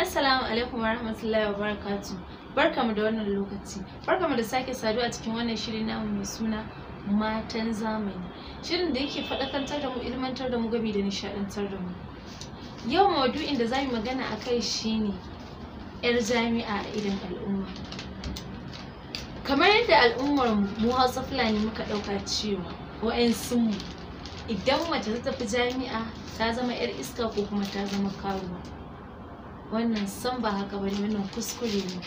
Assalamu alaikum warahmatullahi wabarakatuh. Barkamu da wannan lokaci. Barkamu da sake saduwa cikin wannan shirin namu mai suna Matan Zamani. Shirin da yake faɗakantar da mu, ilmantar da mu, gabi da nishaɗantar da mu. Yau maudu'in da zamu magana a kai shine ‘yar jami'a a idan al'umma. Kamar yadda al'ummar mu Hausa Fulani muka ɗauka cewa wa'yansu mu idan mace ta tafi jami'a ta zama ‘yar iska ko kuma ta zama karuwa. wannan san ba haka bane wannan kuskure ne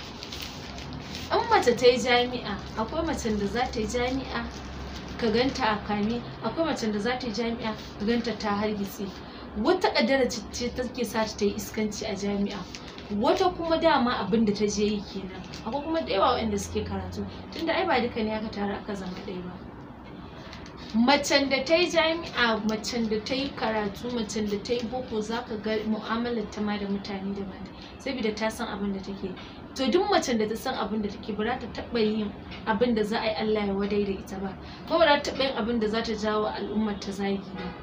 in mace ta yi jami'a akwai macen da za ta yi jami'a ka ganta a kame akwai macen da za ta yi jami'a ka ganta ta hargitse wata kaddara ce take sa ta yi iskanci a jami'a wata kuma dama abin da ta je yi kenan akwai kuma da yawa waɗanda suke karatu tunda ai ba duka ne aka tare aka zama ɗaya ba macen da ta yi jami'a macen da ta yi karatu macen da ta yi boko za ka ga mu'amalar ta ma da mutane daban saboda ta san abin da take to duk macen da ta san abin da take ba za ta taɓa yin abin da za a yi Allah ya wadai da ita ba ko ba za ta taɓa yin abin da za ta jawo al'ummar ta zagi ba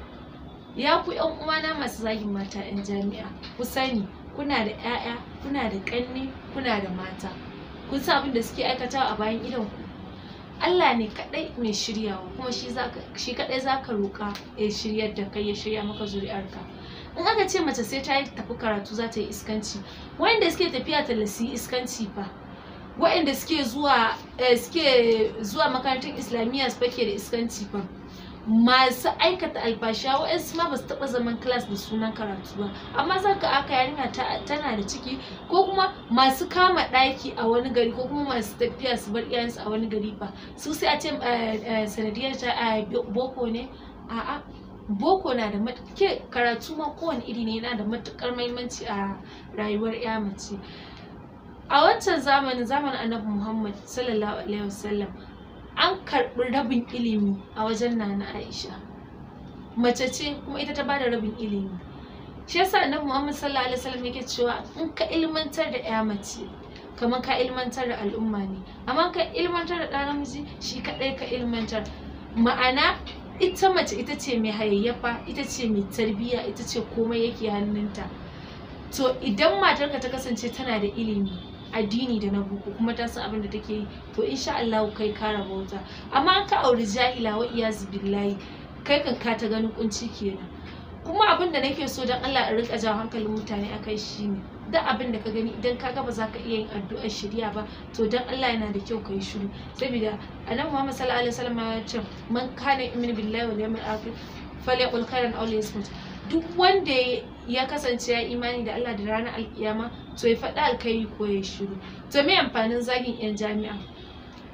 ya ku yan uwana masu zagin mata yan jami'a ku sani kuna da 'ya'ya kuna da ƙanne kuna da mata kun san abin da suke aikatawa a bayan idon ku Allah ne kaɗai mai shiryawa kuma shi kaɗai za ka roƙa ya shiryar da kai ya shirya maka zuri'arka in aka ce mace sai ta yi tafi karatu za ta yi iskanci wa'inda suke tafiya ta lasi iskanci fa wa'inda suke zuwa eh, suke zuwa makarantar islamiyya su fake da iskanci ba. masu aikata albasha wa'yansu ma ba su taɓa zaman class da sunan karatu ba amma za ka aka yarinya tana da ciki ko kuma masu kama ɗaki a wani gari ko kuma masu tafiya su bar iyayensu a wani gari ba su sai a ce eh, eh, sanadiyar ta eh, boko ne a'a boko na da matuƙi, karatu ma kowane iri ne yana da matuƙar mahimmanci a rayuwar ya a wancan zamanin zamanin annabi muhammad sallallahu alaihi wasallam an karɓi rabin ilimi a wajen nana aisha mace ce kuma ita ta bada rabin ilimi shi yasa annabi muhammad sallallahu alaihi wasallam yake cewa in ka ilmantar da ya mace kamar ka ilmantar da al'umma ne amma ka ilmantar da ɗan namiji shi kaɗai ka ilmantar ma'ana ita mace ita ce mai hayayyafa ita ce mai tarbiyya ita ce komai yake hannunta to idan matarka ta kasance tana da ilimi addini da na buku kuma ta san abin da take yi to insha Allah kai ka wata? amma an ka auri jahila wa iyaz billahi kai kan ka ta ganin kunci kenan kuma abin da nake so don Allah in rika jawo hankalin mutane akai shine da abin da ka gani idan ka ga ba za ka iya yin addu'ar shirya ba to don Allah yana da kyau ka yi shiru saboda annabi Muhammad sallallahu alaihi wasallam ya ce man kana Imin billahi wal yawmil akhir falyaqul khairan aw liyasmut duk wanda ya kasance ya imani da Allah da ranar alkiyama to ya faɗi alkai ko ya shiru to me amfanin zagin yan jami'a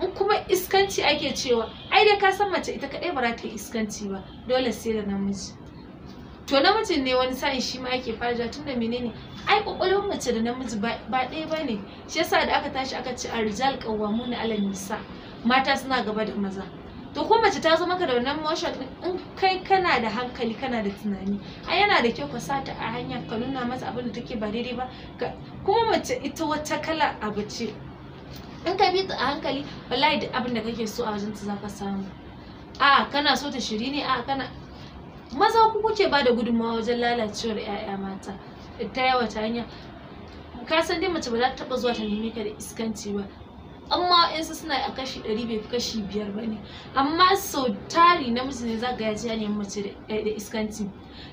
in kuma iskanci ake cewa ai da ka san mace ita kaɗai ba za ta yi iskanci ba dole sai da namiji to namijin ne wani sa'in shi ma yake fara tun da menene ai kokarin mace da namiji ba ɗaya ba ne shi yasa da aka tashi aka ce arjal qawwamuna ala nisa mata suna gaba da maza to ko mace ta zo maka da wannan motion in kai kana da hankali kana da tunani a yana da kyau ka sa ta a hanya ka nuna masa abin da take ba daidai ba kuma mace ita wata kala abu ce in ka bi ta a hankali wallahi duk abin da kake so a wajen ta za ka samu a kana so ta shiri ne a kana maza ku kuke ba da gudunmawa wajen lalacewar 'ya'ya mata ta yawa ta hanya ka san dai mace ba za ta taba zuwa ta nemi ka da iskanci ba amma in su suna a kashi ɗari bai fi kashi biyar ba ne amma sau tari namiji ne za ga ya ne mace da eh, iskanci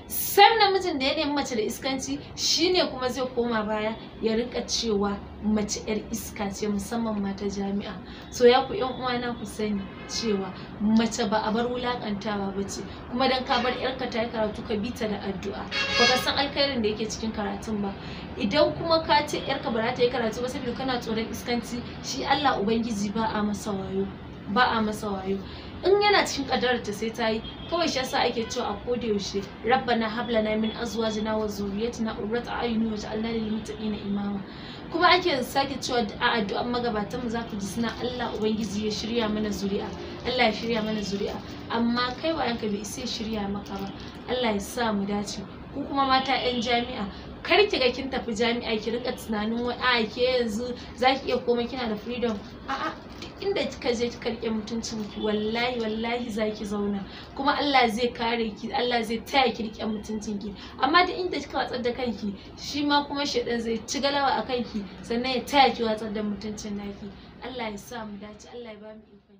sam namijin da ya nemi mace da iskanci shine kuma zai koma baya ya rinka cewa mace yar iska ce musamman mata jami'a so ya ku yan uwana ku sani cewa mace ba a bar wulakantawa ba ce kuma dan ka bar yarka ta yi karatu ka bi ta da addu'a ba ka san alkhairin da yake cikin karatun ba idan kuma ka ce yarka ba za ta yi karatu ba saboda kana tsoron iskanci shi Allah ubangiji ba a masa wayo ba a masa wayo in yana cikin kaddarar sai ta yi kawai shi yasa ake cewa a koda yaushe rabbana na min azwajina wa zurriyyatina qurrata wa waj'alna lil muttaqina imama kuma ake sake cewa a addu'an magabatan mu zaka ji suna Allah ubangiji ya shirya mana zuri'a Allah ya shirya mana zuri'a amma kai wayanka bai isa shirya maka ba Allah ya sa mu dace ku kuma mata 'yan jami'a kar ki ga kin tafi jami'a ki rika tunanin wai a ke yanzu za ki iya komai kina da freedom a'a inda kika je kika rike mutuncin ki wallahi wallahi za ki zauna kuma Allah zai kare ki Allah zai taya ki rike mutuncin ki amma duk inda kika watsar da kanki shi ma kuma shedan zai ci galawa a kanki sannan ya taya ki watsar da mutuncin naki Allah ya sa mu dace Allah ya ba mu